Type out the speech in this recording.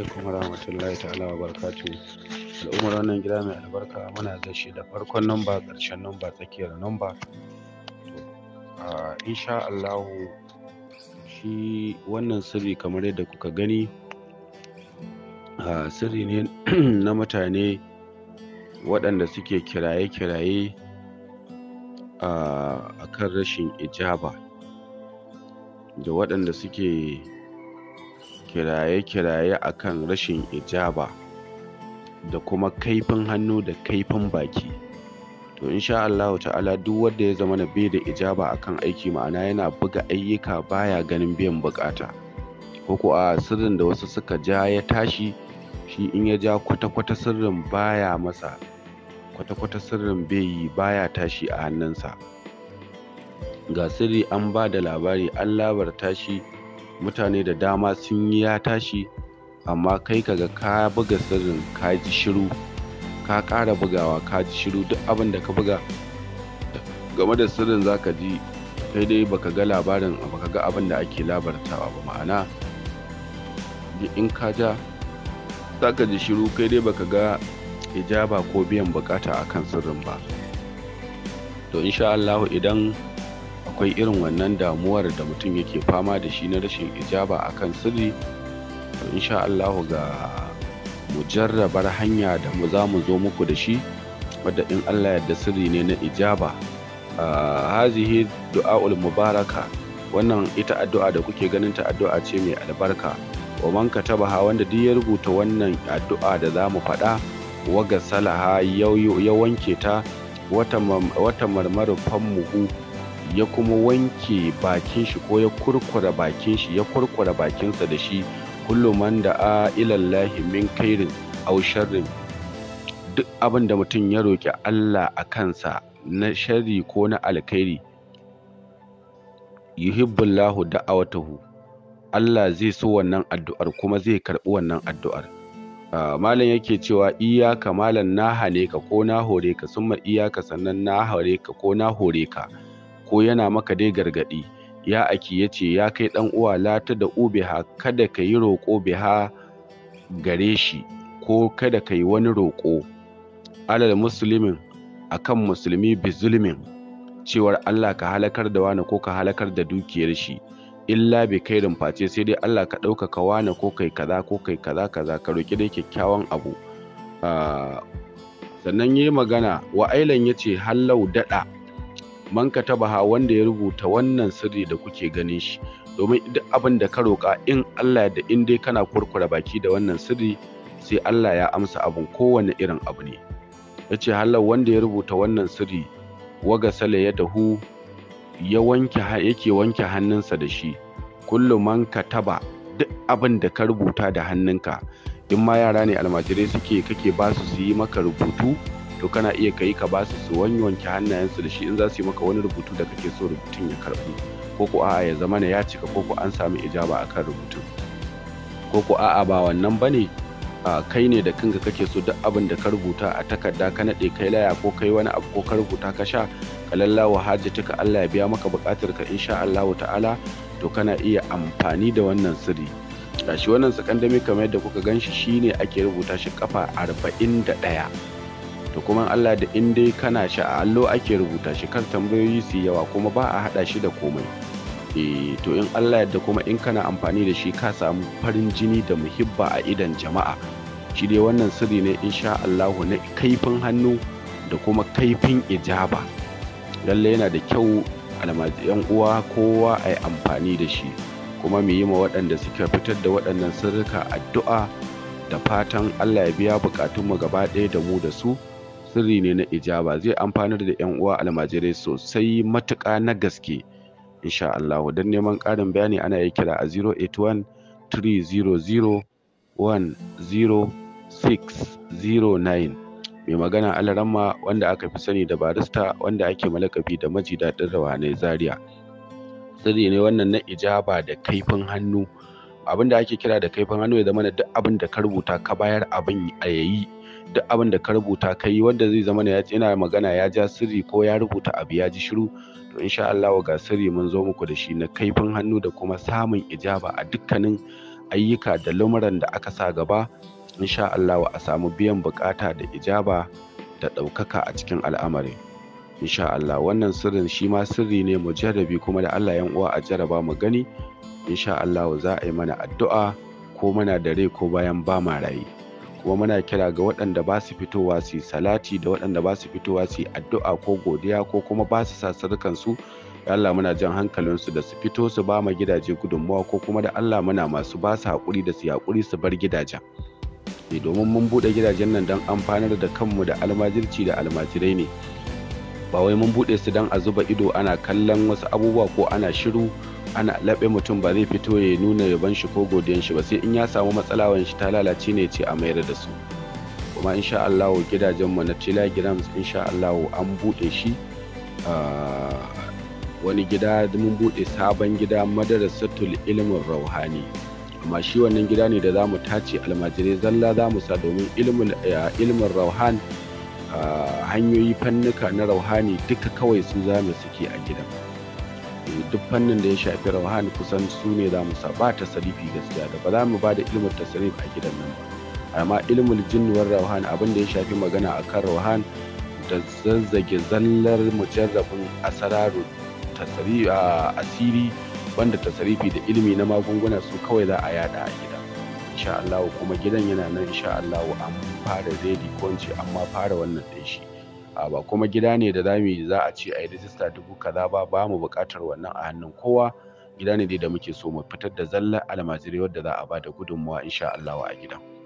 alaikum warahmatullahi ta'ala wa barakatuhu al'ummar wannan gida mai albarka muna gaishe da farkon namba ƙarshen namba tsakiyar namba a insha Allahu shi wannan sirri kamar yadda kuka gani sirri ne na mutane waɗanda suke kiraye-kiraye a kan rashin ijaba da waɗanda suke kiraye-kiraye a kan rashin ijaba da kuma kaifin hannu da kaifin baki to insha Allahu ta'ala duk wanda ya zama bai da ijaba akan aiki ma'ana yana buga ayyuka baya ganin biyan bukata ko ko a sirrin da wasu suka ja ya tashi shi in ya ja kwata-kwata sirrin baya masa kwata-kwata sirrin bai yi baya tashi a hannunsa ga sirri an ba da labari an labarta shi mutane da dama sun yi ya tashi amma kai kaga ka buga sirrin ka ji shiru ka ƙara bugawa ka ji shiru duk abin da ka buga game da sirrin ka ji kai dai baka ga labarin baka ga abin da ake labartawa ba ma'ana in ka ja za ka ji shiru kai dai baka ga ijaba ko biyan bukata akan sirrin ba to insha Allah idan akwai irin wannan damuwar da mutum yake fama da shi na rashin ijaba a kan sirri to insha Allahu ga mujarrabar hanya da mu za mu zo muku da shi wadda in Allah yadda sirri ne na ijaba hazihi du'a'ul mubaraka wannan ita addu'a da kuke ganin ta addu'a ce mai albarka wa man katabaha wanda duk ya rubuta wannan addu'a da za mu faɗa ga salaha ya ta wata marmarin muhu ya kuma wanke bakin shi ko ya kurkura bakin shi ya kurkura bakinsa da shi kullum da a ilallahi min kairin au sharrin duk abin da mutum ya roƙi Allah a kansa na sharri ko na alkhairi yuhibbullahu da'awatahu Allah zai so wannan addu'ar kuma zai karɓi wannan addu'ar malam yake cewa iyaka malam na hane ka ko na hore ka summa iyaka sannan na hore ka ko na hore ka ko yana maka dai gargaɗi ya aki ya ce ya kai ɗan uwa lata da ubiha kada ka yi roƙo ha gare shi ko kada ka yi wani roƙo alal musulmin akan musulmi bi zulmin cewar Allah ka halakar da wani ko ka halakar da dukiyar shi illa bi kairin face sai dai Allah ka ɗaukaka wani ko kai kaza ko kai kaza kaza ka roƙi dai kyakkyawan abu ah, sannan yi magana wa ailan ya ce hallau daɗa man ha wanda ya rubuta wannan sirri da kuke ganin shi domin duk abin da ka roƙa in Allah da in dai kana kurkura baki da wannan sirri sai Allah ya amsa abin kowane irin abu ne yace halar wanda ya rubuta wannan sirri waga sale ya dahu ya wanke yake wanke hannunsa da shi kullu man kataba duk abin da ka rubuta da hannunka in ma yara ne almajirai suke kake ba su su yi maka rubutu to kana iya kai ka basu su wanke hannayensu da shi in za su yi maka wani rubutu da kake so rubutun ya karɓu ko ko a'a ya zama ne ya cika ko ko an samu ijaba akan rubutun ko ko a'a ba wannan bane a kai ne da kanka kake so duk abin da ka rubuta a takarda ka naɗe kai laya ko kai wani abu ko ka rubuta ka sha ka lallawa haji hajjatuka Allah ya biya maka bukatar ka insha Allah ta'ala to kana iya amfani da wannan sirri gashi wannan sakandami kamar yadda kuka ganshi shine ake rubuta shi kafa 41 to kuma Allah da in dai kana shi a allo ake rubuta shi kan tambayoyi su yawa kuma ba a haɗa shi da komai e to in Allah yadda kuma in kana amfani da shi ka samu farin jini da muhibba a idan jama'a shi dai wannan sirri ne insha Allahu na kaifin hannu da kuma kaifin ijaba lalle yana da kyau 'yan uwa kowa a amfani da shi kuma mu yi ma waɗanda suke fitar da waɗannan sirrika addu'a da fatan Allah ya biya bukatunmu gaba ɗaya da mu da su sirri ne na ijaba zai amfanar da yan uwa almajirai sosai matuka na gaske insha Allah don neman ƙarin bayani ana yi kira a 081 300 10609 mai magana alaramma wanda aka fi sani da barista wanda ake malakafi da maji daɗin rawanai zaria sirri ne wannan na ijaba da kaifin hannu abin da ake kira da kaifin hannu ya zama duk abin da ka rubuta ka bayar abin a yayi duk abin da ka rubuta ka yi wanda zai zama ya yana magana ya ja sirri ko ya rubuta abu ya ji shiru to insha Allah ga sirri mun zo muku da shi na kaifin hannu da kuma samun ijaba a dukkanin ayyuka da lamuran da aka sa gaba insha Allah a samu biyan bukata da ijaba da ɗaukaka a cikin al'amari. insha Allah wannan sirrin shi ma sirri ne mu jarrabi kuma da Allah yan uwa a jarraba mu gani insha Allah za a yi mana addu'a ko muna da rai ko bayan ba ma rayi kuma muna kira ga waɗanda ba su fitowa su salati da waɗanda ba su fitowa su addu'a ko godiya ko kuma ba su sa su da Allah muna jan hankalinsu da su fito su ba mu gidaje gudunmuwa ko kuma da Allah muna masu ba su haƙuri da su haƙuri su bar gidajen eh, domin mun buɗe gidajen nan don amfanar da kanmu da almajirci da almajirai ne ba wai mun bude su don a zuba ido ana kallon wasu abubuwa ko ana shiru ana laɓe mutum ba zai fito ya nuna yaban shi ko godiyan shi ba sai in ya samu wani shi ta lalace ne ce a mayar da su kuma insha Allah gidajen mu na telegram insha Allah an bude shi ah, wani gida mun bude sabon gida madarasatul ilmin rauhani amma shi wannan gida ne da za mu tace almajirai zalla za mu sa domin ah, ilmin rauhan hanyoyi fannuka na rauhani duka kawai su zama suke a gidan eh, duk fannin da ya shafi rauhani kusan su ne za mu saba ta sarifi gaskiya da ba za mu ba da ilimin tasarif a gidan nan ba amma ilimin jinnuwar rauhani abin da ya shafi magana a kan rauhani da zazzage zallar mujarrabin asararu asiri banda tasarifi da ilimi na magunguna su kawai za a yada a gida insha Allah kuma gidan yana nan insha Allah an fara ready ko in ce amma fara wannan din shi ba kuma gida ne da zamu za a ce a yi rijista dubu kaza ba ba mu buƙatar wannan a hannun kowa gida ne da muke so mu fitar da zallar almajirai wadda za a ba da gudunmawa insha Allah a gidan.